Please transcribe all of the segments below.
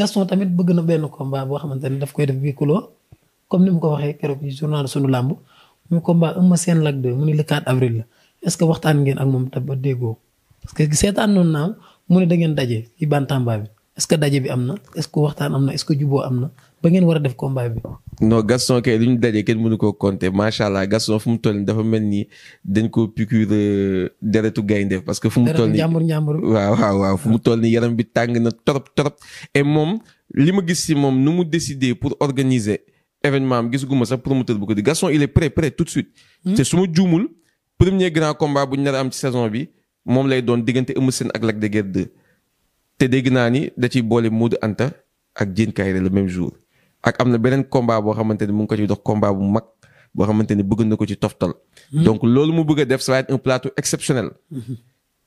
Gaston tamit bëgg na benn combat boo xamante ne daf koy def huis clos comme ni mu ko waxee keroog ci journal sunu làmb mu combat Eumeu Sène Lac mu ni le 4 avril la est ce que waxtaan ngeen ak moom tam ba déggoo parce que seetaan noonu naa mu ne da ngeen daje ci bantamba bi est ce que daje bi am na est ce que waxtaan am na est ce que juboo am na ba ngeen war a def combat bi. non Gaston kay lu ñu dajee kenn mënu koo compter macha allah Gaston fu mu toll nii dafa mel ni dañ koo piqûre euh, deretu gaynde parce que fu mu toll nii waaw waaw waaw mu toll nii yaram bi tàng na torop torop et moom li ma gis si moom nu mu décider pour organiser événement am gis guma sax promoteur bu ko di Gaston il est prêt tout de suite. Hmm? te su ma juumul premier grand combat bu ñu nar am ci saison bi moom lay doon diggante Eumeu seen ak Lac de Guiers te dégg naa ni da ciy boole Modou Anta ak Diène Kaïré le même jour. ak am na beneen combat boo xamante ni mu ngi ko ci dox combat bu mag boo xamante ni bëgg na ko ci toftal. Hmm. donc loolu mu bëgg def ça va être un plateau exceptionnel. Hmm.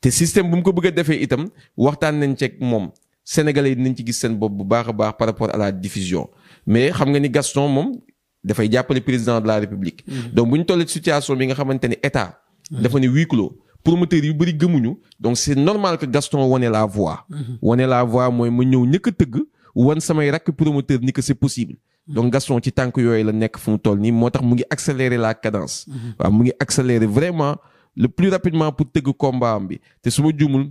te système bu mu ko bëgg a defee itam waxtaan nañ ceeg moom sénégalais yi nañ ci gis seen bopp bu baax a baax par rapport à la diffusion mais xam nga ni Gaston moom dafay jàppale président de la république. Hmm. donc bu ñu tollee situation bi nga xamante ni état. dafa ne huis clos yu bëri gëmuñu donc c' normal que Gaston wane la voix. wane la voix mooy ma ñëw ñëkk a tëgg. wan samay rakk promoteur ni que c'est possible donc Gaston ci tànk yooyu la nekk fu mu toll nii moo tax mu ngi accélérer la cadence mhm. waaw mu ngi accélérer vraiment le plus rapidement pour tëgg combat bi te su ma juumul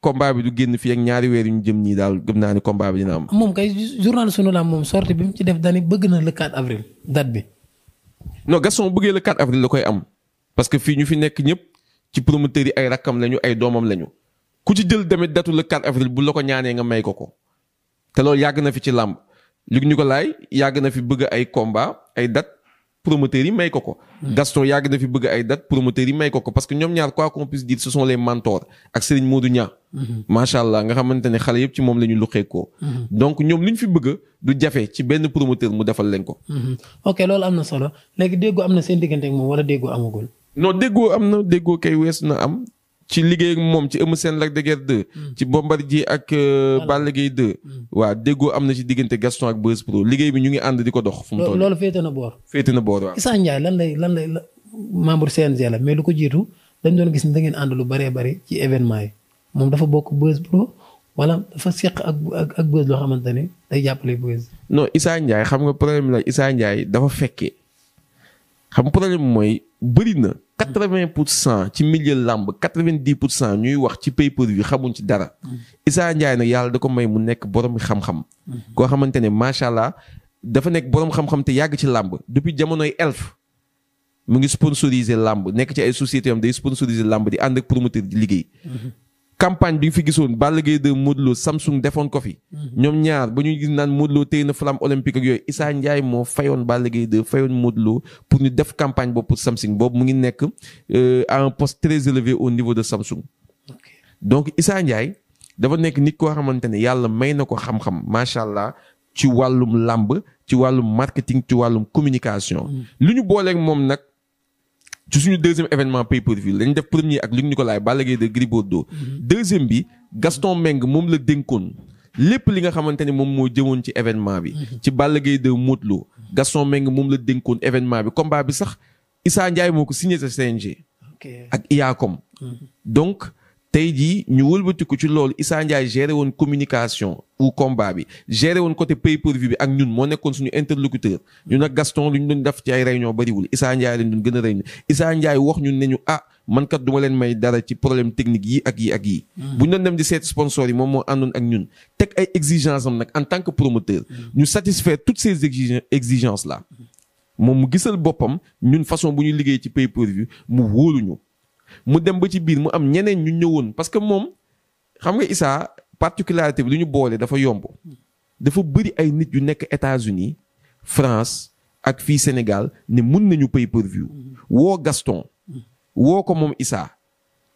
combat bi du génn fii ak ñaari weer yu ñu jëm nii daal gëm naa ni combat bi dina am. moom kay journal sunu la moom sortie bi mu ci def daanaka bëgg na le 4 avril date bi. non Gaston bëggee la 4 avril la koy am parce que fii ñu fi nekk ñëpp ci promoteurs yi ay rakkam lañu ay doomam lañu ku ci jël demit datu le 4 bu la ko ñaanee nga may ko ko. te loolu yàgg na fi ci làmb ko Nicolaï yàgg na fi bëgg ay combat ay date promoteurs yi may ko ko. Hmm. Gaston yàgg na fi bëgg ay date promoteurs yi may ko ko parce que ñoom ñaar quoi qu'on puisse dire ce sont les mentors ak Serigne Modou Niang. Hmm. allah nga xamante ne xale yëpp ci moom la ñu luxee ko. Hmm. donc ñoom lu ñu fi bëgg du jafe ci benn promoteur mu defal leen ko. ok loolu am na solo léegi déggoo am na seen diggante ak moom wala déggoo amagul. non déggoo am na déggoo kay weesu na am ci liggéey ak moom ci Eumeu Sène Lac de mm. ci 2. ci ak euh, Balla Gaye 2. Mm. waa déggoo am na ci diggante Gaston ak Beuz Pro liggéey bi ñu ngi ànd di ko dox. fu mu toll loolu féete na boor. féete na boor lan lay lan lay membre CNG la mais lu ko jiitu dañ doon gis ni da ngeen ànd lu bare bëri ci événement yi moom dafa bokk Beuz Pro wala dafa seq ak ak ak Beuz xamante ne day jàppale Beuz. non Issa Ndiaye xam nga problème la Issa Ndiaye dafa fekkee xam problème mooy bëri na. 80 pour cent ci milieu làmb 90 pour cent ñuy wax ci pay-per-view xamuñ ci dara. Issa Ndiaye na yàlla da ko may mu nekk borom xam-xam. koo xamante ne macha allah dafa nekk boroom xam-xam te yàgg ci làmb depuis jamonoy elf mu ngi sponsorisé làmb nekk ci ay sociétés am day sponsorisé làmb di ànd ak promoteur di liggéey. campagne bi nga fi gisoon Balla Gaye 2 Modou Lo Samsung defoon ko fi. Mhm. ñoom ñaar ba ñu gis naan Modou Lo téye na flamme olympique ak yooyu Issa Ndiaye moo fayoon Balla Gaye 2 fayoon Modou Lo pour ñu def campagne boobu pour Samsung boobu mu ngi nekk euh, à un poste très au niveau de Samsung. donc Issa Ndiaye dafa nekk nit koo xamante ne yàlla may na ko xam-xam macha allah ci wàllum làmb ci wàllum marketing ci wàllum communication. Mhm. lu ñu booleeg moom nag. ci suñu deuxième événement pay per view lañ def premier ak Luc Nicolaï Balla Gaye de Gris Bordeaux mhm. deuxième bi Gaston Mbengue moom la dénkoon lépp li nga xamante ne moom moo jëwoon ci événement bi mhm. ci Balla Gaye de Modou Gaston Mbengue moom la dénkoon événement bi combat bi sax Issa Ndiaye moo ko signé sa ak IACOM mhm. donc tey jii ñu wëlbatiku ci loolu Issa Ndiaye géré woon communication ou combat bi géré woon côté pay per bi ak ñun moo nekkoon suñu interlocuteur ñu nag Gaston lu ñu doon def ci ay réunion bariwul Issa Ndiaye lañ du gën a réunion Issa wax ñu ne ñu ah man kat leen may dara ci problème technique yi ak yi ak yi. Hmm. bu ñu dem di seet sponsor yi moom moo àndoon ak ñun teg ay exigences am nag en tant que promoteur. Hmm. ñu satisfaire toutes ces exigences là. moom mu gisal boppam ñun façon bu ñu liggéey ci pay per view mu ñu. mu dem ba ci biir mu am ñeneen ñu ñëwoon parce que moom xam nga Issa particularité bi lu ñu boole dafa yomb dafa bëri ay nit yu nekk États-Unis France ak fii Sénégal ne mun nañu pay per woo Gaston woo ko moom Issa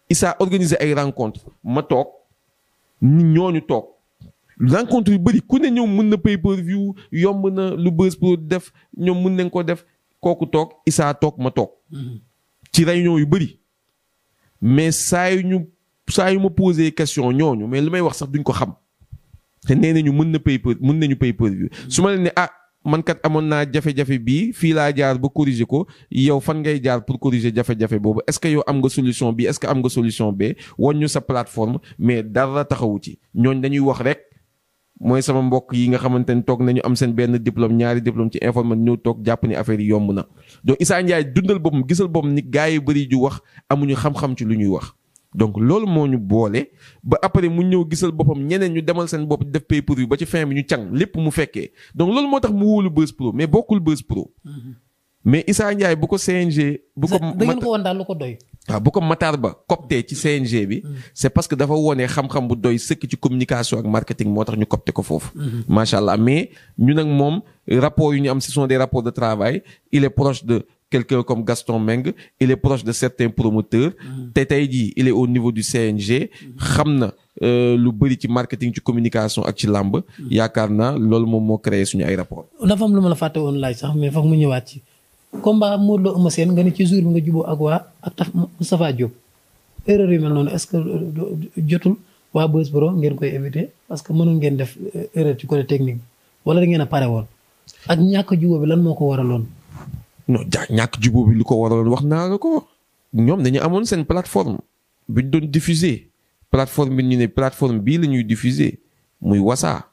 Issa organiser ay rencontre ma toog ñooñu toog rencontre yu bëri ku ne ñoom mun na pay per view yomb na lu bës pour def ñoom mun nañ ko def kooku toog Issa toog ma toog mm-hmm. ci réunion yu bëri mais saa yu ñu saa yu ma posé question ñooñu mais li may wax sax duñ ko xam te nee nañu mën na pay per mën nañu pay per su ma leen ne ah man kat amoon naa jafe-jafe bii fii laa jaar ba corriger ko yow fan ngay jaar pour corriger jafe-jafe boobu est-ce que yow am nga solution bi est-ce que am nga solution bee woon ñu sa plateforme mais dara taxawu ci ñooñ dañuy wax rek. mooy sama mbokk yi nga xamante ni toog nañu am seen benn diplôme ñaari diplôme ci informel ñu toog jàpp ni affaire yi yomb na. donc Issa Ndiaye dundal boppam gisal boppam ni gars yi bëri ju wax amuñu xam-xam ci lu ñuy wax. donc loolu moo ñu boole ba après mu ñëw gisal boppam ñeneen ñu demal seen bopp def pay per ba ci fin bi ñu càng lépp mu fekkee donc loolu moo tax mu wóolu Buzz Pro mais bokkul Buzz Pro. Mm-hmm. mais Issa Ndiaye bu ko CNG. bu ko da ngeen ko woon daal lu ko doy. waaw bu ko Matar Ba copté ci CNG bi. Mm. c'est parce que dafa wone xam-xam bu doy sëkk ci communication ak marketing moo tax ñu copté ko foofu. Mm-hmm. macha allah mais ñu nag moom rapport yu ñu am ce sont des rapports de travail il est proche de quelqu'un comme Gaston Meng il est proche de certains promoteurs. Mm-hmm. te tey jii il est au niveau du CNG. Mm-hmm. xam na euh, lu bëri ci marketing ci communication ak ci làmb. yaakaar naa loolu moom moo créé suñu ay rapport la fàtte mu ñëwaat combat moo Lo Eumeu Sène nga ne ci jour bi nga juboo ak waa ak taf Moustapha Diop erreur yu mel noonu est-ce que jotul waa Beuz Pro ngeen koy éviter parce que mënul ngeen def euh, erreur ci côté technique wala da ngeen a pare woon ak ñàkk juboo bi lan moo ko waraloon. non ja ñàkk juboo bi lu ko waraloon wax naa la ko ñoom dañu amoon seen plateforme bi ñu doon diffuser plateforme bi ñu ne plateforme bii la ñuy diffuser muy wasaa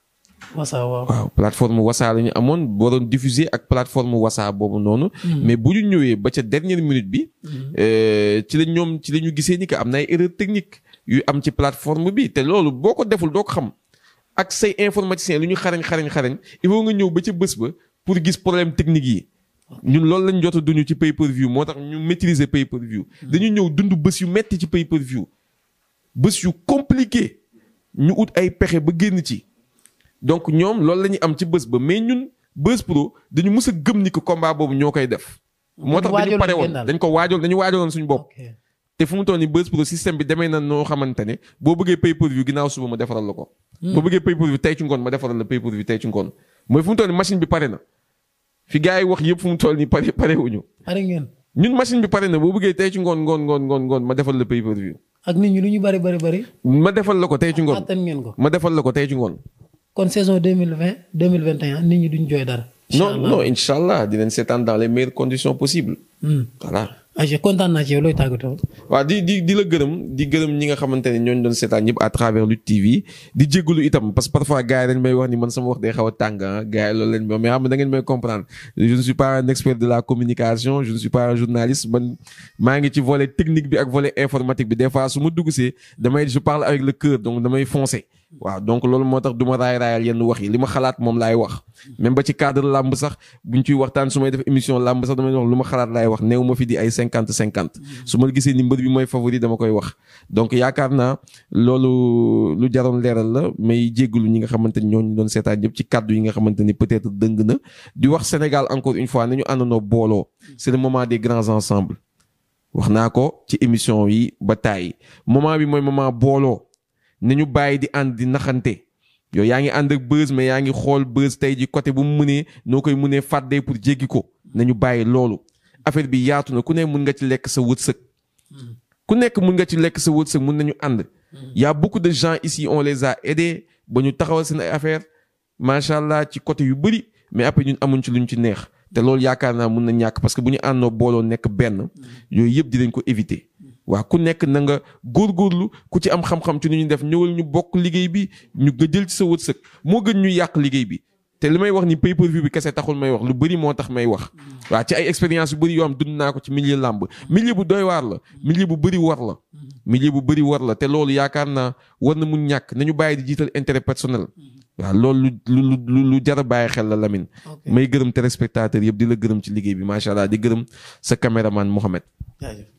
wasaa waaw plateforme wasaa la ñu amoon boo doon diffuser ak plateforme wasaa boobu noonu. Mm-hmm. mais bu ñu ñëwee ba ca dernière minute bi. Mm-hmm. Euh, ci la ñoom ci la ñu gisee ni que am na ay erreur technique yu am ci plateforme bi te loolu boo ko deful doo xam ak say informaticien lu ñu xarañ xarañ xarañ il nga ñëw ba ca bës ba pour gis problème technique yi. ñun loolu lañ jot a ci pay per view moo tax ñu maîtriser pay per view. Mm-hmm. dañu ñëw dundu bës yu metti ci pay per view bës yu compliqué ñu ut ay pexe ba génn ci. donc ñoom loolu la ñu am ci bës ba mais ñun bës pro dañu mës a gëm ni ko combat boobu ñoo koy def. moo tax dañu pare woon dañ ko waajoon dañu waajoloon suñu bopp. te fu mu toll nii bës pro système bi demee na noo xamante ne boo bëggee pay per view ginnaaw suba ma defaral la ko. Hmm. boo bëggee pay per view tey ci ngoon ma defaral la pay per view tey ci ngoon mooy bi pare na fi gars yi wax yëpp fu mu toll nii pare pare ngeen ñun machine bi pare na boo bëggee tey ci ngoon ngoon ngoon ngoon ngoon ma defal la pay ñi lu ñu bari bari bari. ma defal la ko tey ci ngoon ma defal la ko tey ci ngoon kon saison deux mille vingt deux mille vingt nit ñi duñ jooy dara. non non incha allah dinañ seetaan dans les meilleures conditions possibles. Hmm. voilà. Ah, tàggatoo. waaw di di di la gërëm di gërëm ñi nga xamante ne ñooñu doon seetaan ñëpp à travers Lutte TV di jégalu itam parce que parfois gars yi dañ may wax ni man sama wax day xaw a tàng ah gars yi loolu lañ may mais xam ah, ngeen may comprendre je ne suis pas un expert de la communication je ne suis pas un journaliste man maa ngi ci volet technique bi ak volet informatique bi des fois su ma dugg see damay je parle avec le cœur waaw donc loolu moo tax duma ma raay raayal yenn wax yi li ma xalaat moom laay wax même ba ci cadre làmb sax buñ ciy waxtaan su may def émission làmb sax damay wax lu ma xalaat laay wax néew ma fi di ay cinquante cinquante su ma gisee ni mbër bi mooy favori dama koy wax donc yaakaar naa loolu lu jaroon leeral la may jéggalu ñi nga xamante ni ñooñu doon seetaan ñëpp ci kàddu yi nga xamante ni peut-être dëng na di wax Sénégal encore une fois nañu àndandoo booloo c'est le moment des grands ensembles wax naa ko ci émission yi ba tàyyi moment bi mooy moment booloo ñu bàyyi di ànd di naxante yow yaa ngi ànd ak buzz mais yaa ngi xool buzz tey ji côté bu mu mënee noo koy mënee fàddee pour jéggi ko nañu bàyyi loolu affaire bi yaatu na ku ne mun nga ci lekk sa wërsëg ku nekk mun nga ci lekk sa wërsëg mun nañu ànd yaa a beaucoup de gens ici on les a aidés ba ñu taxawal seen ay affaire macha allah ci côté yu bëri mais après ñun amuñ ci luñ ci neex te loolu yaakaar naa mun na ñàkk parce que bu ñu àndoo booloo nekk benn yooyu yëpp dinañ ko éviter waa ku nekk na nga góorgóorlu ku ci am xam-xam ci nu ñu def ñëwal ñu bokk liggéey bi ñu nga jël ci sa wërsëg moo gën ñu yàq liggéey bi te li may wax ni pay per bi kese taxul may wax lu bëri moo tax may wax mm. waa ci ay expérience yu bëri yoo dund naa ko ci milieu làmb milieu bu doy waar la milieu bu bëri war la mm. milieu bu bëri war la te loolu yaakaar naa war na mu ñàkk nañu bàyyi di jiital intérêt personnel mm. waa lool lu lu lu lu jar a bàyyi xel la lamin may gërëm téléspectateur yëpp di la gërëm ci liggéey bi macha allah di gërëm sa caméraman Mohamed